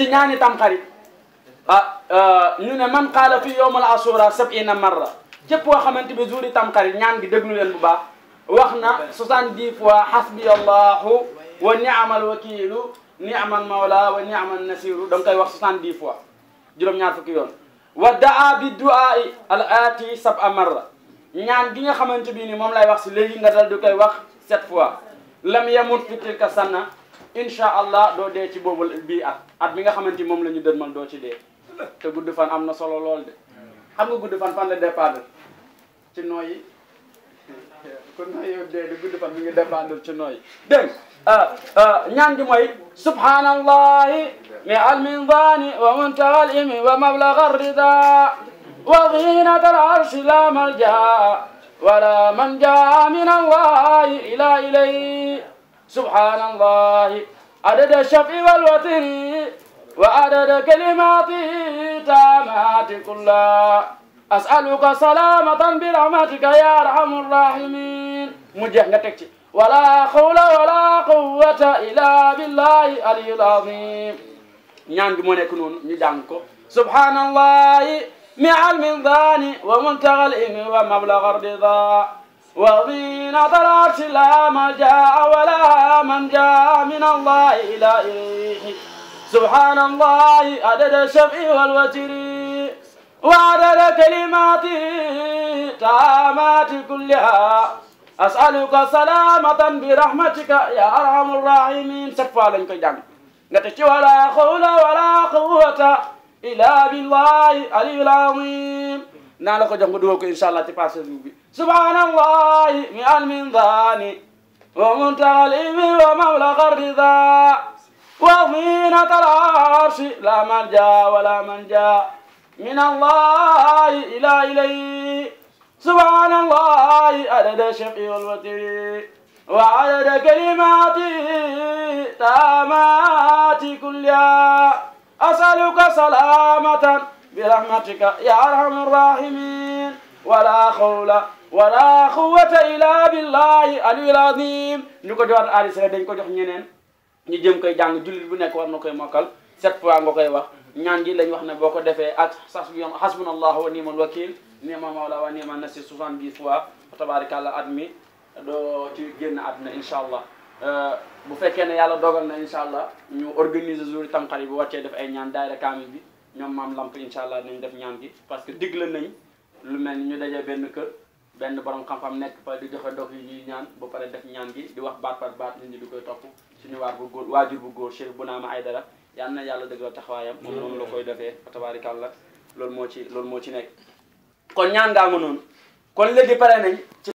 ci ñaani tamxarit ah euh, ñu ne man qaala fi yowmal asura sab'ina marra képp koo xamante bi jour yi tamxarit ñaan gi déglu leen bu baax wax na 70 fois hasbiya allahu wa ni'mal wakiilu ni'mal mawla wa ni'man nasiru da nga koy wax 70 fois juróom-ñaar fukki yoon wa daa bi du'aa'i al aati sab'a marra ñaan gi nga xamante bi ni moom lay wax si léegi nga dal di koy wax sept fois lam yamut fi tilka sanna incha allah doo dee ci boobu bii at at bi nga xam xamante moom la ñu dënmal doo ci dee te gudd fan am na solo lool de xam gudd fan la dépendre ci nooyi kon nooy yow dee de gudd fan mi ngi dépendre ci nooyi dégg ah, ah, ñaan al minzani wa muntaha al rida wa zinat al arshi la malja wala man jaa min allahi ila ilayhi سبحان الله عدد الشفع والوتر وعدد كلماته تامات كلها أسألك سلامة برحمتك يا أرحم الراحمين مجه نتكتي ولا حول ولا قوة إلا بالله العلي العظيم نيان جمو نيك نون سبحان الله مع المنظان ومنتهى الإم ومبلغ الرضا ومن طلعت لا جاء ولا من جاء من الله إلى إليه سبحان الله عدد الشفع والوتر وعدد كلمات تامات كلها أسألك سلامة برحمتك يا أرحم الراحمين سفا لنك جان نتشي ولا حول ولا قوة إلا بالله العلي العظيم naa la ko jox nga dugal ko inshallah allah passe passage bi subhanallahi mi al min dhani wa muntaha wa mawla rida wa mina tarashi la la ja wa la ja min allah ila ilay subhanallah adada shafi wal watiri wa adada kalimati tamati kulliha asaluka salamatan برحمتك يا ارحم الراحمين ولا خول ولا قوه الا بالله العلي العظيم نكو جوار اريس لا دنجو جخ نينن ني جيم كاي جان جولي بو نيك وار نكاي موكال سيت فوا غوكاي واخ نيان جي لاني واخنا بوكو ديفي ات حسبنا الله ونعم الوكيل نعم مولا ونعم النصير 70 فوا تبارك الله ادمي دو تي ген ادنا ان شاء الله bu fekkee ne yàlla dogal na incha allah ñu organiser jour tànqari bi wàccee def ay ñaan daayra kaamil bi ñoom maam lamp incha allah nañ def ñaan gi parce que digle nañ lu mel ni ñu daje benn kër benn borom xam-xam nekk fa di joxe dog yi ñuy ñaan ba pare def ñaan gi di wax baat par baat nit ñi di koy topp suñu waar bu góor waajur bu góor Cheikh Bounama Aidara yal na yàlla la taxawaayam moom noonu la koy defee tabaarikàlla loolu moo ci loolu moo ci nekk kon ñaan ngaa nga noonu kon léegi pare nañ